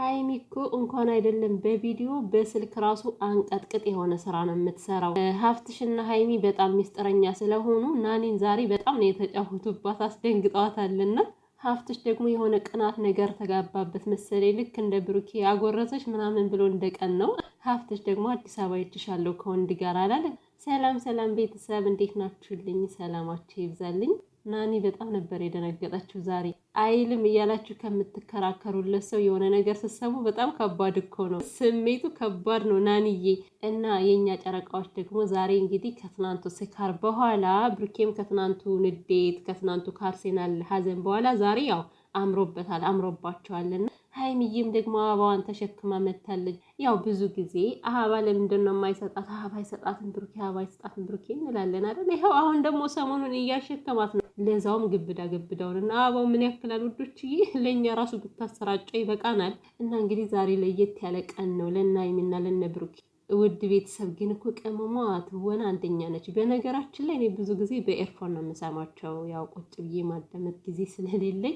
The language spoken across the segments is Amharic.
ሀይሚ እኮ እንኳን አይደለም በቪዲዮ በስልክ ራሱ አንቀጥቅጥ የሆነ ስራ ነው የምትሰራው። ሀፍትሽና ሀይሚ በጣም ሚስጥረኛ ስለሆኑ ናኒን ዛሬ በጣም ነው የተጫወቱባት፣ አስደንግጠዋታልና ሀፍትሽ ደግሞ የሆነ ቅናት ነገር ተጋባበት መሰለኝ። ልክ እንደ ብሩኬ አጎረሰች ምናምን ብሎ እንደቀን ነው። ሀፍትሽ ደግሞ አዲስ አበባ ይችሻለሁ ከወንድ ጋር አላለ። ሰላም ሰላም ቤተሰብ እንዴት ናችሁልኝ? ሰላማችሁ ይብዛልኝ። ናኒ በጣም ነበር የደነገጠችው። ዛሬ አይልም እያላችሁ ከምትከራከሩለት ሰው የሆነ ነገር ስትሰሙ በጣም ከባድ እኮ ነው፣ ስሜቱ ከባድ ነው ናኒዬ። እና የእኛ ጨረቃዎች ደግሞ ዛሬ እንግዲህ ከትናንቱ ስካር በኋላ ብሩኬም ከትናንቱ ንዴት፣ ከትናንቱ ካርሴናል ሀዘን በኋላ ዛሬ ያው አምሮበታል፣ አምሮባቸዋልና ሀይሚዬም ደግሞ አበባዋን ተሸክማ መታለች። ያው ብዙ ጊዜ አበባ ለምንድን ነው የማይሰጣት? አበባ ይሰጣትን ብሩኬ፣ አበባ ይሰጣትን ብሩኬ እንላለን አይደል? ይኸው አሁን ደግሞ ሰሞኑን እያሸከማት ነው። ለዛውም ግብዳ ግብዳውን እና አበባው ምን ያክላል ውዶችዬ፣ ለእኛ ራሱ ብታሰራጨው ይበቃናል። እና እንግዲህ ዛሬ ለየት ያለ ቀን ነው ለነ ሀይሚና ለነ ብሩኬ ውድ ቤተሰብ ግን እኮ ቅመሟ ትወና አንደኛ ነች። በነገራችን ላይ እኔ ብዙ ጊዜ በኤርፎን ነው የምሰማቸው። ያው ቁጭ ብዬ ማዳመጥ ጊዜ ስለሌለኝ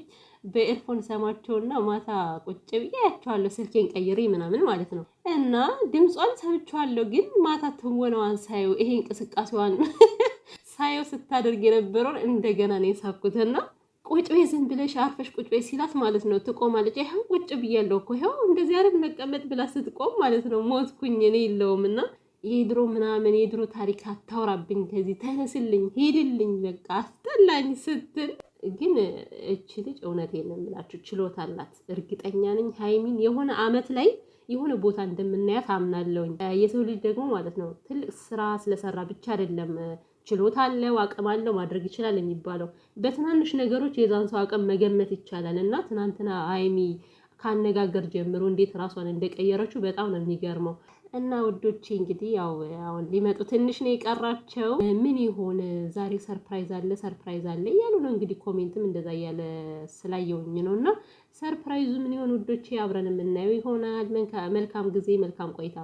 በኤርፎን ሰማቸውና ማታ ቁጭ ብዬ አያቸዋለሁ፣ ስልኬን ቀይሬ ምናምን ማለት ነው። እና ድምጿን ሰምቸዋለሁ፣ ግን ማታ ትወናዋን ሳየው ይሄ እንቅስቃሴዋን ሳየው ስታደርግ የነበረውን እንደገና ነው የሳብኩትና ቁጭ በይ ዝም ብለሽ አርፈሽ ቁጭ በይ ሲላት ማለት ነው ትቆማለች። ይኸው ቁጭ ብያለሁ እኮ ይኸው እንደዚህ አይደል መቀመጥ ብላ ስትቆም ማለት ነው ሞትኩኝ እኔ የለውም እና የድሮ ምናምን የድሮ ታሪክ አታውራብኝ፣ ከዚህ ተነስልኝ፣ ሄድልኝ በቃ አስጠላኝ ስትል ግን እች ልጅ እውነት የለምላችሁ ችሎታ አላት። እርግጠኛ ነኝ ሀይሚን የሆነ አመት ላይ የሆነ ቦታ እንደምናያት አምናለሁኝ። የሰው ልጅ ደግሞ ማለት ነው ትልቅ ስራ ስለሰራ ብቻ አይደለም ችሎታ አለው አቅም አለው ማድረግ ይችላል የሚባለው በትናንሽ ነገሮች የዛን ሰው አቅም መገመት ይቻላል። እና ትናንትና አይሚ ካነጋገር ጀምሮ እንዴት ራሷን እንደቀየረችው በጣም ነው የሚገርመው። እና ውዶቼ እንግዲህ ያው አሁን ሊመጡ ትንሽ ነው የቀራቸው። ምን ይሆን ዛሬ ሰርፕራይዝ አለ ሰርፕራይዝ አለ እያሉ ነው እንግዲህ ኮሜንትም እንደዛ እያለ ስላየውኝ ነው። እና ሰርፕራይዙ ምን ይሆን ውዶቼ አብረን የምናየው ይሆናል። መልካም ጊዜ፣ መልካም ቆይታ